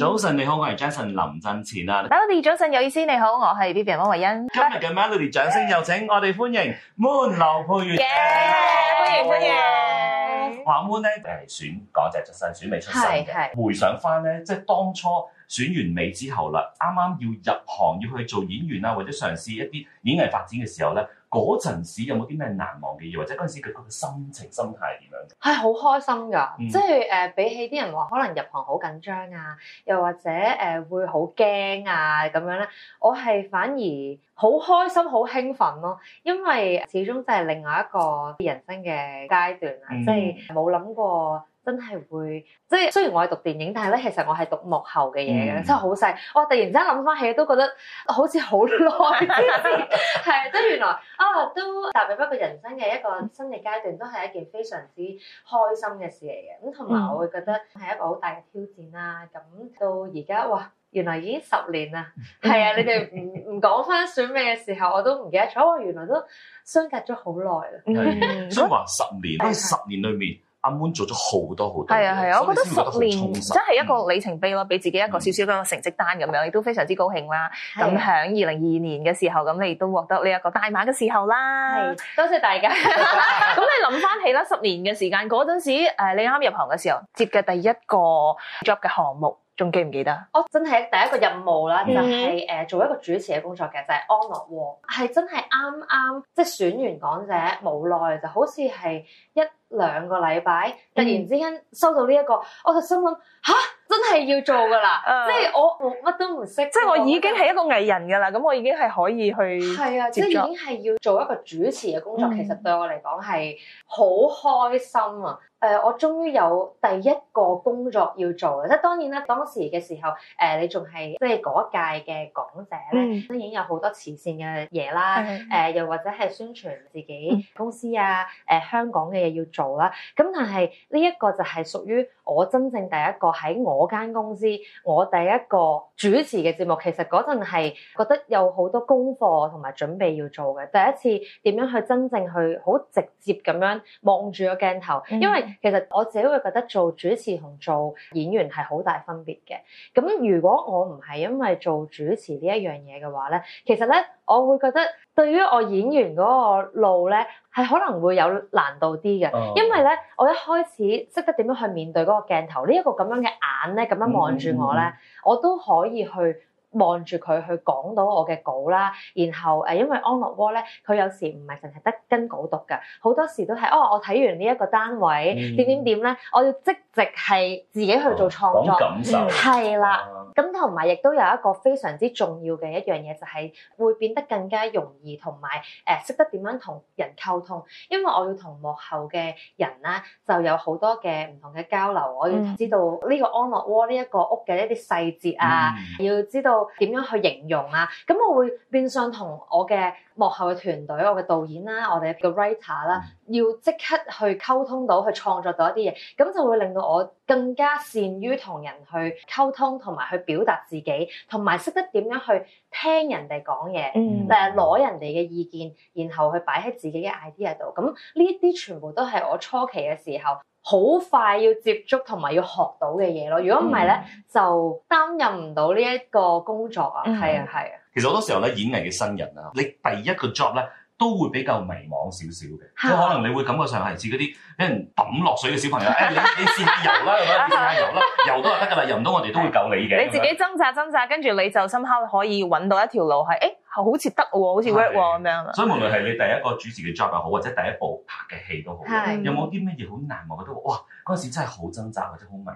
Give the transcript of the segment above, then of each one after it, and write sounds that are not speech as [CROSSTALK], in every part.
早晨，你好，我係 Jason 林振前啊。Melody 早晨，有意思，你好，我係 B B 汪慧欣。今日嘅 Melody 掌聲有請，我哋歡迎 moon 劉佩玥。Yeah, Hello. 歡迎歡迎。阿 moon 咧係選港姐、嗯、出身，選美出身嘅。回想翻咧，即係當初選完美之後啦，啱啱要入行，要去做演員啊，或者嘗試一啲演藝發展嘅時候咧。嗰陣時有冇啲咩難忘嘅嘢，或者嗰陣時佢個心情心態係點樣？係好開心㗎，嗯、即係誒、呃、比起啲人話可能入行好緊張啊，又或者誒、呃、會好驚啊咁樣咧，我係反而好開心、好興奮咯、啊，因為始終就係另外一個人生嘅階段啦，嗯、即係冇諗過。真係會，即係雖然我係讀電影，但係咧其實我係讀幕後嘅嘢嘅，真係好細。我突然之間諗翻起，都覺得好似好耐，係啊，都原來啊，都踏入一個人生嘅一個新嘅階段，都係一件非常之開心嘅事嚟嘅。咁同埋我會覺得係一個好大嘅挑戰啦。咁到而家哇，原來已經十年啦。係啊，你哋唔唔講翻選美嘅時候，我都唔記得咗。我原來都相隔咗好耐啦。即係話十年，喺十年裏面。阿 moon 做咗好多好多、啊，係啊係，我覺得十年真係一個里程碑咯，俾、嗯、自己一個少少嘅成績單咁樣，亦都非常之高興啦。咁響二零二二年嘅時候，咁你亦都獲得呢一個大馬嘅時候啦。多謝大家。咁 [LAUGHS] [LAUGHS] 你諗翻起啦，十年嘅時間，嗰陣時誒，你啱入行嘅時候接嘅第一個 job 嘅項目，仲記唔記得？我真係第一個任務啦，就係誒做一個主持嘅工作嘅、嗯，就係安樂蝸，係真係啱啱即係選完港姐冇耐就好似係一。兩個禮拜，突然之間收到呢、這、一個，嗯、我就心諗吓，真係要做㗎啦！嗯、即係我我乜都唔識，即係我已經係一個藝人㗎啦。咁我，我已經係可以去係啊，即係已經係要做一個主持嘅工作。嗯、其實對我嚟講係好開心啊！誒、呃，我終於有第一個工作要做啦！即係當然啦，當時嘅時候，誒、呃，你仲係即係嗰一屆嘅港姐咧，嗯、已經有好多慈善嘅嘢啦，誒、嗯呃，又或者係宣傳自己公司啊，誒、呃，香港嘅嘢要做啦。咁但係呢一個就係屬於我真正第一個喺我間公司，我第一個主持嘅節目。其實嗰陣係覺得有好多功課同埋準備要做嘅，第一次點樣去真正去好直接咁樣望住個鏡頭，因為、嗯。其實我自己會覺得做主持同做演員係好大分別嘅。咁如果我唔係因為做主持呢一樣嘢嘅話咧，其實咧我會覺得對於我演員嗰個路咧係可能會有難度啲嘅，因為咧我一開始識得點樣去面對嗰個鏡頭，這個、這呢一個咁樣嘅眼咧咁樣望住我咧，我都可以去。望住佢去講到我嘅稿啦，然後誒、呃、因為安樂窩咧，佢有時唔係淨係得跟稿讀嘅，好多時都係哦，我睇完呢一個單位點點點咧，我要積極係自己去做創作，講、啊、感受，係啦了。咁同埋亦都有一個非常之重要嘅一樣嘢，就係、是、會變得更加容易同埋誒識得點樣同人溝通，因為我要同幕後嘅人啦，就有好多嘅唔同嘅交流，我要知道呢、這個安樂窩呢一個屋嘅一啲細節啊，要知道。點樣去形容啊？咁我會變相同我嘅幕後嘅團隊、我嘅導演啦、啊、我哋嘅 writer 啦，要即刻去溝通到、去創作到一啲嘢，咁就會令到我更加善於同人去溝通，同埋去表達自己，同埋識得點樣去聽人哋講嘢，誒攞、嗯、人哋嘅意見，然後去擺喺自己嘅 idea 度。咁呢啲全部都係我初期嘅時候。好快要接觸同埋要學到嘅嘢咯，如果唔係咧就擔任唔到呢一個工作、嗯、啊，係啊係啊。啊其實好多時候咧，演藝嘅新人啊，你第一個 job 咧都會比較迷茫少少嘅，即係、啊、可能你會感覺上係似嗰啲俾人抌落水嘅小朋友，誒、 [LAUGHS] 哎、你你試下遊啦，係 [LAUGHS] 你先遊啦，遊到就得噶啦，遊唔到我哋都會救你嘅。啊、你自己掙扎掙扎，跟住你就深刻可以揾到一條路係誒。哎好似得喎，好似 work 喎咁樣。所以無論係你第一個主持嘅 job 又好，或者第一部拍嘅戲都好，的有冇啲乜嘢好難忘？覺得哇，嗰陣時真係好掙扎，或者好迷茫。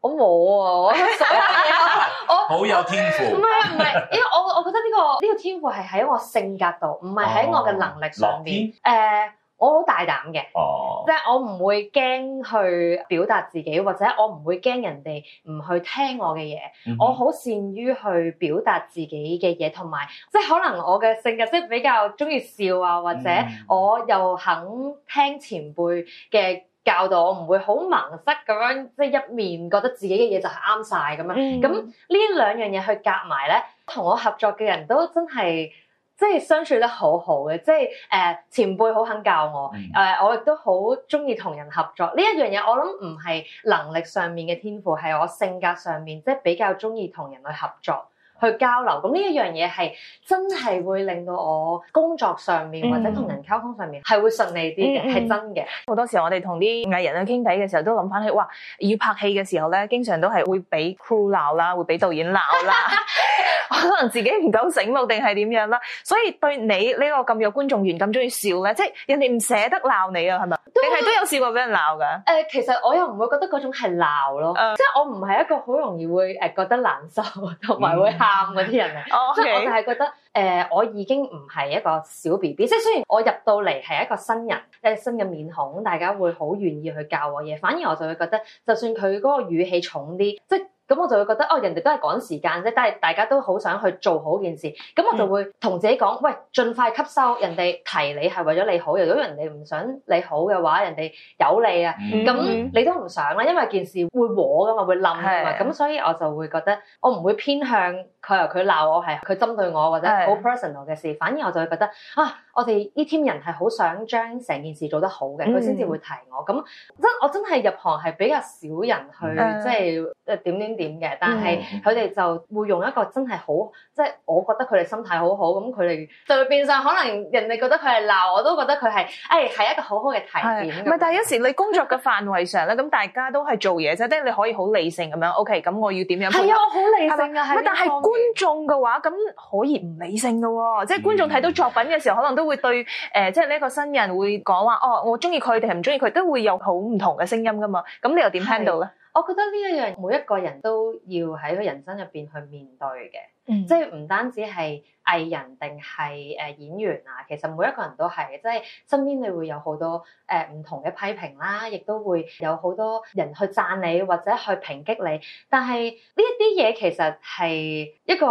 我冇喎、啊， [LAUGHS] 我，我好有天賦。唔係唔係，因為我我，我覺得呢、呢個呢 [LAUGHS] 個天賦係喺我性格度，唔係喺我嘅能力上邊。誒、哦。我好大膽嘅，Oh. 即係我唔會驚去表達自己，或者我唔會驚人哋唔去聽我嘅嘢。Mm hmm. 我好善於去表達自己嘅嘢，同埋即係可能我嘅性格即係比較中意笑啊，或者我又肯聽前輩嘅教導，我唔會好盲塞咁樣，即係一面覺得自己嘅嘢就係啱晒咁樣。咁呢、mm hmm. 兩樣嘢去夾埋咧，同我合作嘅人都真係。即係相處得好好嘅，即係誒、呃、前輩好肯教我，誒、嗯呃、我亦都好中意同人合作。呢一樣嘢我諗唔係能力上面嘅天賦，係我性格上面，即係比較中意同人去合作。去交流，咁呢一樣嘢係真係會令到我工作上面、嗯、或者同人溝通上面係會順利啲嘅，係、嗯、真嘅。好多時我哋同啲藝人去傾偈嘅時候，都諗翻起，哇！要拍戲嘅時候咧，經常都係會俾 crew 鬧啦，會俾導演鬧啦。 [LAUGHS] 可能自己唔夠醒目定係點樣啦？所以對你呢個咁有觀眾緣、咁中意笑咧，即係人哋唔捨得鬧你啊，係咪？都、定係都有試過俾人鬧㗎。誒、呃，其實我又唔會覺得嗰種係鬧咯，呃、即係我唔係一個好容易會誒覺得難受同埋會啱啲人啊，即係 Okay. 我就係覺得，誒、呃，我已經唔係一個小 B B，即係雖然我入到嚟係一個新人，即係新嘅面孔，大家會好願意去教我嘢，反而我就會覺得，就算佢嗰個語氣重啲，即係咁我就會覺得，哦，人哋都係趕時間啫，但係大家都好想去做好件事，咁我就會同自己講，嗯、喂，盡快吸收人哋提你係為咗你好，如果人哋唔想你好嘅話，人哋有你啊，咁、嗯嗯、你都唔想啦，因為件事會和噶嘛，會冧噶嘛，咁的的所以我就會覺得，我唔會偏向。佢話佢鬧我係佢針對我或者好 personal 嘅事，反而我就會覺得啊，我哋呢 team 人係好想將成件事做得好嘅，佢先至會提我。咁真我真係入行係比較少人去即係點點點嘅，但係佢哋就會用一個真係好即係，我覺得佢哋心態好好咁，佢哋就會變相可能人哋覺得佢係鬧，我都覺得佢係誒係一個好好嘅提點。唔係、嗯，嗯、但係有時你工作嘅範圍上咧，咁大家都係做嘢啫，即係你可以好理性咁樣，OK？咁我要點樣？係啊，我好理性噶，係吧，但係是。觀眾嘅話，咁可以唔理性嘅喎、哦，即係觀眾睇到作品嘅時候，可能都會對誒、呃，即係呢一個新人會講話哦，我鍾意佢定係唔鍾意佢，都會有好唔同嘅聲音噶嘛。咁你又點聽到咧？我覺得呢一樣，每一個人都要喺佢人生入邊去面對嘅。嗯、即係唔單止係藝人定係誒演員啊，其實每一個人都係，即係身邊你會有好多誒唔同嘅批評啦，亦都會有好多人去讚你或者去抨擊你。但係呢一啲嘢其實係一個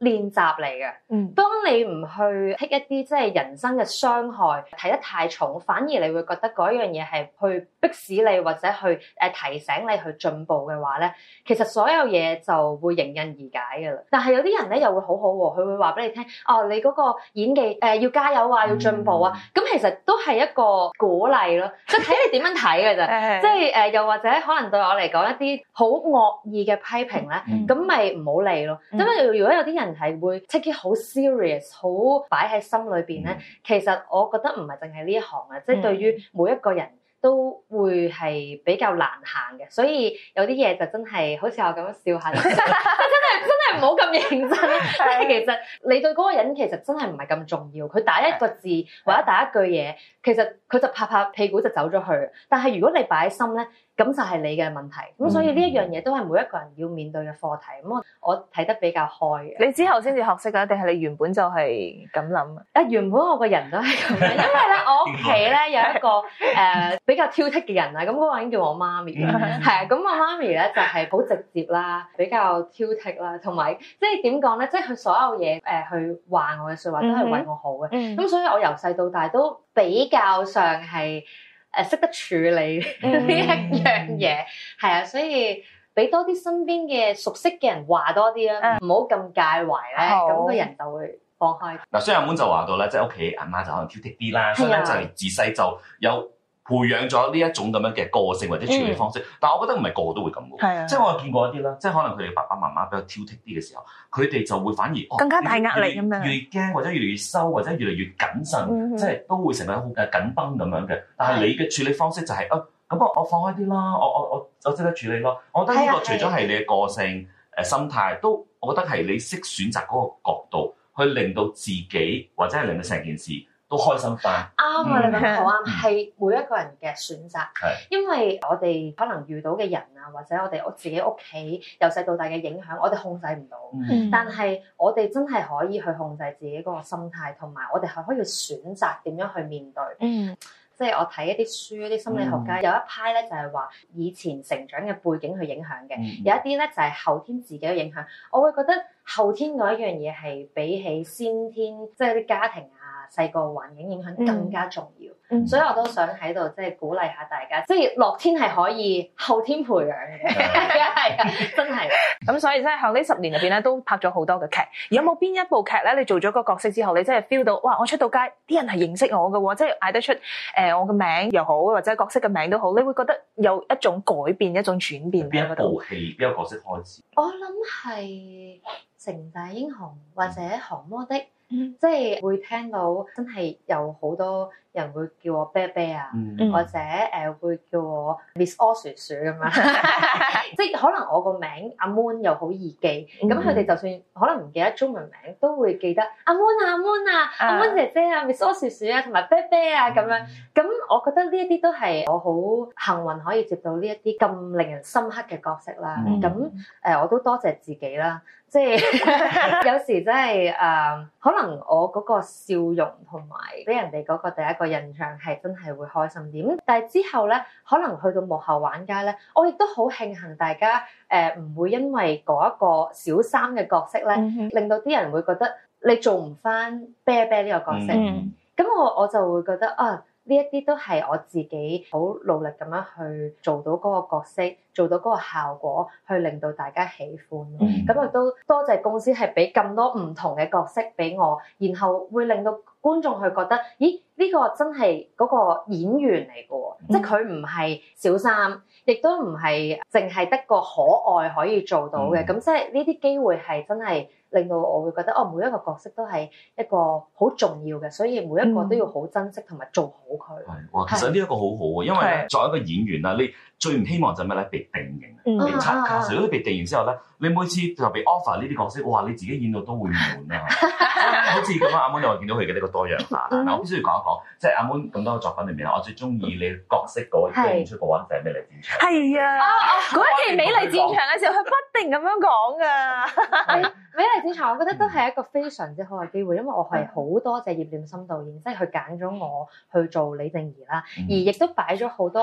練習嚟嘅。嗯，當你唔去剔一啲即係人生嘅傷害睇得太重，反而你會覺得嗰樣嘢係去逼使你或者去誒提醒你去進步嘅話咧，其實所有嘢就會迎刃而解嘅啦。但係有啲人咧又會好好、哦，佢會話俾你聽，哦，你嗰個演技誒、呃、要加油啊，要進步啊，咁、嗯、其實都係一個鼓勵咯，咯 [LAUGHS] 是是即係睇你點樣睇嘅啫。即係誒，又或者可能對我嚟講一啲好惡意嘅批評咧，咁咪唔好理咯。咁樣、嗯、如果有啲人係會出啲好 serious、好擺喺心裏邊咧，嗯、其實我覺得唔係淨係呢一行啊，即係對於每一個人。嗯嗯都會係比較難行嘅，所以有啲嘢就真係好似我咁樣笑下你。 [LAUGHS] [LAUGHS] 真係真係唔好咁認真。係 [LAUGHS] 其實你對嗰個人其實真係唔係咁重要，佢打一個字 [LAUGHS] 或者打一句嘢， [LAUGHS] 其實佢就拍拍屁股就走咗去。但係如果你擺喺心咧。咁就係你嘅問題，咁所以呢一樣嘢都係每一個人要面對嘅課題。咁我我睇得比較開。你之後先至學識啊，定係你原本就係咁諗啊？原本我個人都係咁樣，因為咧我屋企咧有一個誒、 [LAUGHS] 呃、比較挑剔嘅人啊，咁、那、嗰個已經叫我媽咪啦，啊， [LAUGHS] 咁我媽咪咧就係好直接啦，比較挑剔啦，同埋即係點講咧，即係佢所有嘢誒、呃、去話我嘅説話都係為我好嘅，咁、嗯嗯、所以我由細到大都比較上係。誒識得處理呢、mm hmm. [LAUGHS] 一樣嘢，係、mm hmm. 啊，所以俾多啲身邊嘅熟悉嘅人話多啲啦、啊，唔、mm hmm. 好咁介懷咧，咁個人就會放開。嗱，雖然阿妹就話到咧，即係屋企阿媽就可能挑剔啲啦，所以咧係就自細就有，培養咗呢一種咁樣嘅個性或者處理方式，嗯、但係我覺得唔係個個都會咁嘅，啊、即係我見過一啲啦，即係可能佢哋爸爸媽媽比較挑剔啲嘅時候，佢哋就會反而更加大壓力咁樣、哦，越驚或者越嚟越收或者越嚟越謹慎，即係、嗯、都會成為好誒緊繃咁樣嘅。但係你嘅處理方式就係、是，咁我、啊啊、我放開啲啦，我我我我即刻處理咯。我覺得呢個除咗係你嘅個性誒、啊啊、心態，都我覺得係你識選擇嗰個角度去令到自己或者係令到成件事，都開心翻，啱啊對！你講得好啱，係每一個人嘅選擇，是因為我哋可能遇到嘅人啊，或者我哋我自己屋企由細到大嘅影響，我哋控制唔到，嗯、但係我哋真係可以去控制自己嗰個心態，同埋我哋係可以選擇點樣去面對。嗯，即係我睇一啲書，啲心理學家、嗯、有一批咧就係話以前成長嘅背景去影響嘅，嗯、有一啲咧就係後天自己嘅影響。我會覺得後天嗰一樣嘢係比起先天，即係啲家庭啊。細個環境影響更加重要，嗯、所以我都想喺度即係鼓勵下大家，即係樂天係可以後天培養嘅，嗯 [LAUGHS] 真係。咁所以即係向呢十年入邊咧，都拍咗好多嘅劇。有冇邊一部劇咧？你做咗個角色之後，你真係 feel 到哇！我出到街，啲人係認識我嘅，即係嗌得出誒、呃，我嘅名又好，或者角色嘅名都好，你會覺得有一種改變，一種轉變。邊一部戲？邊個角色開始？我諗係《城寨英雄》或者《降魔的》。即係會聽到真係有好多人會叫我啤啤啊，或者誒會叫我 Miss 阿鼠鼠咁樣，即係可能我個名阿 Moon 又好易記，咁佢哋就算可能唔記得中文名，都會記得阿 Moon 啊，Moon 啊，阿 Moon 姐姐啊，Miss 阿鼠鼠啊，同埋啤啤啊咁樣咁。我覺得呢一啲都係我好幸運可以接到呢一啲咁令人深刻嘅角色啦。咁誒、mm hmm. 呃，我都多謝自己啦。即、就、係、是、 [LAUGHS] 有時真係誒，可能我嗰個笑容同埋俾人哋嗰個第一個印象係真係會開心啲。但係之後咧，可能去到幕後玩家咧，我亦都好慶幸大家誒唔、呃、會因為嗰一個小三嘅角色咧，mm hmm. 令到啲人會覺得你做唔翻啤啤呢個角色。咁、mm hmm. 我我就會覺得啊～呢一啲都係我自己好努力咁樣去做到嗰個角色。做到嗰個效果，去令到大家喜歡。咁亦都多謝公司係俾咁多唔同嘅角色俾我，然後會令到觀眾去覺得，咦？呢個真係嗰個演員嚟嘅，即係佢唔係小三，亦都唔係淨係得個可愛可以做到嘅。咁即係呢啲機會係真係令到我會覺得，哦，每一個角色都係一個好重要嘅，所以每一個都要好珍惜同埋做好佢。哇！其實呢一個好好喎，因為作為一個演員啊，你。最唔希望就係咩咧？被定型了，嗯、被測判卡，成日都被定型之後咧。你每次就俾 offer 呢啲角色，哇！你自己演到都會悶啊，好似咁樣，阿 Moon 又見到佢嘅呢個多樣化。嗱，我必須要講一講，即係阿 Moon 咁多作品裏面，我最中意你角色嗰個演出嘅話，定係《美麗戰場》？係啊，嗰一期《美麗戰場》嘅時候，佢不停咁樣講噶。《美麗戰場》，我覺得都係一個非常之好嘅機會，因為我係好多謝葉念琛導演，即係佢揀咗我去做李靜儀啦，而亦都擺咗好多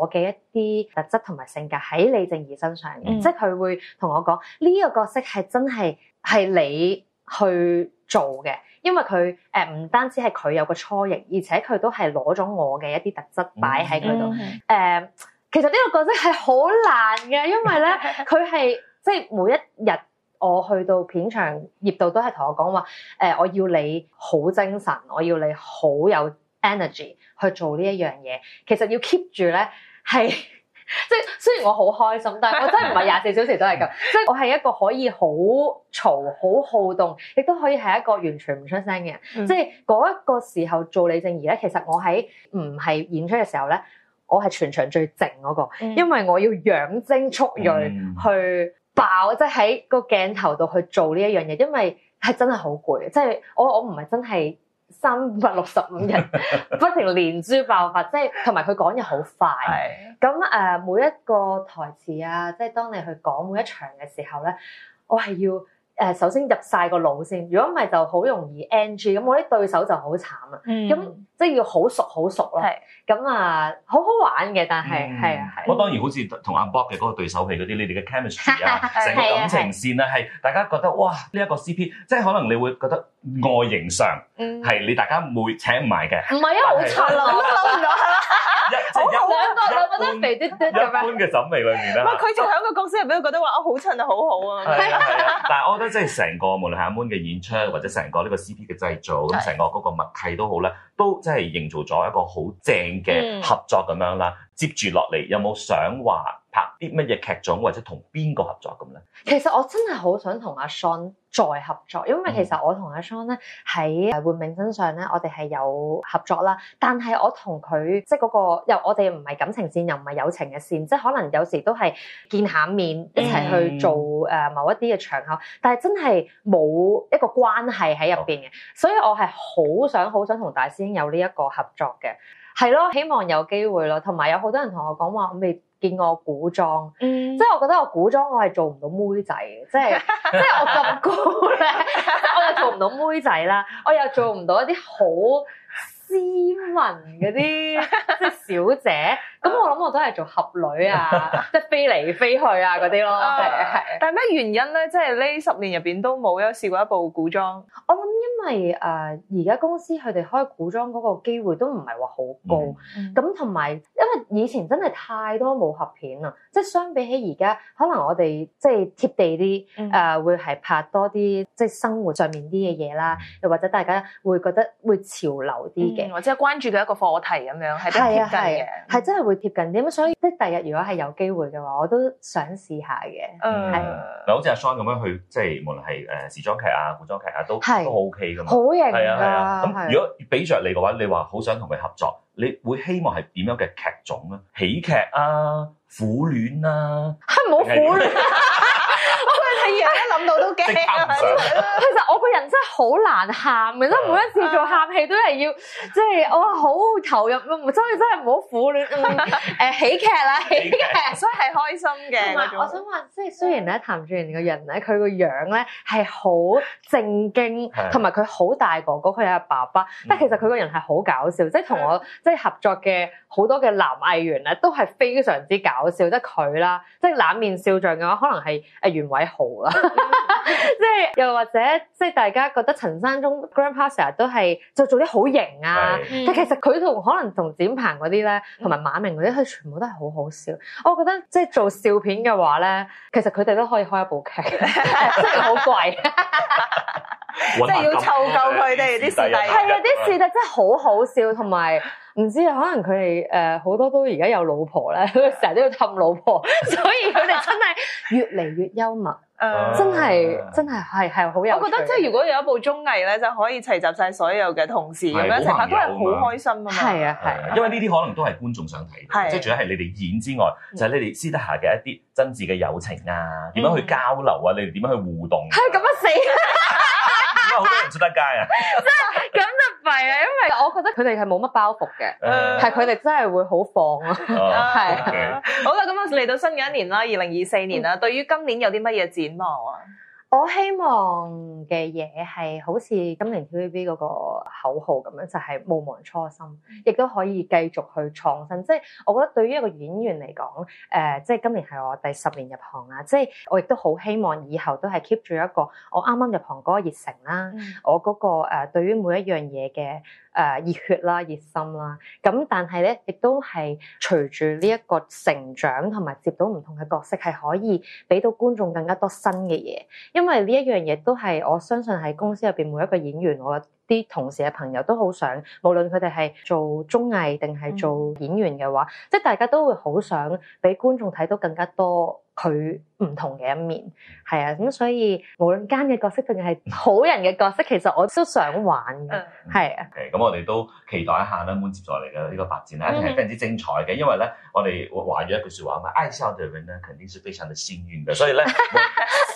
我嘅一啲特質同埋性格喺李靜儀身上嘅，即係佢會同我講。呢個角色係真係係你去做嘅，因為佢誒唔單止係佢有個雛形，而且佢都係攞咗我嘅一啲特質擺喺佢度。誒、嗯嗯呃，其實呢個角色係好難嘅，因為咧佢係即係每一日我去到片場業度都係同我講話，誒、呃，我要你好精神，我要你好有 energy 去做呢一樣嘢。其實要 keep 住咧係。即係雖然我好開心，但係我真係唔係廿四小時都係咁， [LAUGHS] 即係我係一個可以好嘈、好好動，亦都可以係一個完全唔出聲嘅人。嗯、即係嗰一個時候做李靜怡咧，其實我喺唔係演出嘅時候咧，我係全場最靜嗰、嗰個，嗯、因為我要養精蓄鋭、嗯、去爆，即係喺個鏡頭度去做呢一樣嘢，因為係真係好攰，即係我我唔係真係。三百六十五日不停連珠爆發，即係同埋佢講嘢好快。咁，每一個台詞呀，即係當你去講每一場嘅時候呢，我係要。誒，首先入晒個腦先，如果唔係就好容易 NG，咁我啲對手就好慘啦。咁即係要好熟好熟咯。咁啊，好好玩嘅，但係係啊。我當然好似同阿 Bob 嘅嗰個對手戲嗰啲，你哋嘅 chemistry 啊，成個感情線啊，係大家覺得哇，呢一個 CP，即係可能你會覺得外形上係你大家會請唔埋嘅。唔係啊，好蠢啊，都攬唔到係咪？ [MUSIC] 一得肥般一般嘅枕味裏面啦，唔係佢仲喺個公司入面，佢覺得話啊好襯啊好好啊， [LAUGHS] 但係我覺得真係成個無論係阿 Moon 嘅演出，或者成個呢個 CP 嘅製造，咁成個嗰個默契都好啦，都真係營造咗一個好正嘅合作咁樣啦。嗯，接住落嚟有冇想話？啲乜嘢劇種或者同邊個合作咁咧？其實我真係好想同阿 Son 再合作，因為其實我同阿 Son 咧喺換命身上咧，我哋係有合作啦。但係我同佢即係嗰個又我哋唔係感情線，又唔係友情嘅線，即係可能有時都係見下面一齊去做誒某一啲嘅場合。但係真係冇一個關係喺入邊嘅，所以我係好想好想同大師兄有呢一個合作嘅，係咯，希望有機會咯。同埋有好多人同我講話我未見過我古裝，嗯、即係我覺得我古裝我係做唔到妹仔嘅，即係 [LAUGHS] 即係我咁高咧， [LAUGHS] 我又做唔到妹仔啦，我又做唔到一啲好斯文嗰啲即係小姐。咁我諗我都係做俠女啊， [LAUGHS] 即係飛嚟飛去啊嗰啲咯，係係。 [LAUGHS] 但係咩原因咧？即係呢十年入邊都冇有試過一部古裝。我諗因為誒而家公司佢哋開古裝嗰個機會都唔係話好高。咁同埋因為以前真係太多武俠片啊，即係相比起而家，可能我哋即係貼地啲誒、呃，會係拍多啲即係生活上面啲嘅嘢啦，又或者大家會覺得會潮流啲嘅，或者係關注到一個課題咁樣係都貼近嘅，係真係。會貼近啲咁，所以即係第日如果係有機會嘅話，我都想試下嘅。嗯，嗱是，好似阿 Son 咁樣去，即係無論係誒時裝劇啊、古裝劇啊，都是都 OK 噶嘛。好型，㗎。係啊係啊。咁、啊、是如果俾着你嘅話，你話好想同佢合作，你會希望係點樣嘅劇種咧？喜劇啊，苦戀啊。嚇、啊！唔好苦戀、啊。 [LAUGHS] [LAUGHS] 一諗到都驚，其實我個人真係好難喊嘅，即係每一次做喊戲都係要，即係我、哦、好投入咯。所以真係唔好苦戀誒、嗯、喜劇啦，喜劇，所以係開心嘅。我想話，即係雖然咧，譚俊彥個人咧，佢個樣咧係好正經，同埋佢好大哥哥。佢有個爸爸，但其實佢個人係好搞笑。即係同我即係合作嘅好多嘅男藝員咧，都係非常之搞笑。即係佢啦，即係冷面笑匠嘅話，可能係誒袁偉豪。 [LAUGHS] 即係又或者，即係大家覺得陳山中、grandpa 成日都係就做啲好型啊，但的、嗯、其實佢同可能同展鵬嗰啲咧，同埋馬明嗰啲，佢全部都係好好笑。我覺得即係做笑片嘅話咧，其實佢哋都可以開一部劇，即係好貴，即係 [LAUGHS] [LAUGHS] 要湊夠佢哋啲視帝係啊啲視帝真係好好笑，同埋。唔知啊，可能佢哋誒好多都而家有老婆咧，佢成日都要氹老婆，所以佢哋真係越嚟越幽默，真係真係係係好有。我覺得即係如果有一部綜藝咧，就可以齊集晒所有嘅同事咁樣，成班都係好開心啊嘛！係啊係，因為呢啲可能都係觀眾想睇，即係除咗係你哋演之外，就係你哋私底下嘅一啲真摯嘅友情啊，點樣去交流啊，你哋點樣去互動？係咁樣死！好多人唔出得街啊！即係咁就弊啊，因為我覺得佢哋係冇乜包袱嘅，係佢哋真係會好放啊。係好啦，咁我嚟到新嘅一年啦，二零二四年啦，對於今年有啲乜嘢展望啊？我希望嘅嘢係好似今年 TVB 嗰個口號咁樣，就係、是、毋忘初心，亦都可以繼續去創新。即係我覺得對於一個演員嚟講，誒、呃，即係今年係我第十年入行啦。即係我亦都好希望以後都係 keep 住一個我啱啱入行嗰、嗯嗰個熱誠啦，我嗰個誒對於每一樣嘢嘅。誒、呃、熱血啦、熱心啦，咁但係咧，亦都係隨住呢一個成長同埋接到唔同嘅角色，係可以俾到觀眾更加多新嘅嘢。因為呢一樣嘢都係我相信喺公司入邊每一個演員，我啲同事嘅朋友都好想，無論佢哋係做綜藝定係做演員嘅話，嗯、即係大家都會好想俾觀眾睇到更加多。佢唔同嘅一面，係啊，咁所以無論奸嘅角色定係好人嘅角色，其實我都想玩嘅，係啊。咁我哋都期待一下啦 Moon 接再嚟嘅呢個發展，一定係非常之精彩嘅。因為咧，我哋話咗一句説話啊嘛，I 愛笑的人咧，肯定是非常之幸運嘅。所以咧，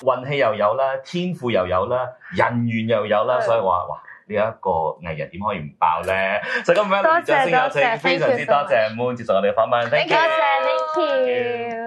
運氣又有啦，天賦又有啦，人緣又有啦，所以話哇，呢一個藝人點可以唔爆咧？就咁樣多謝謝非常之多謝 Moon 接受我哋嘅訪問，多謝，thank you。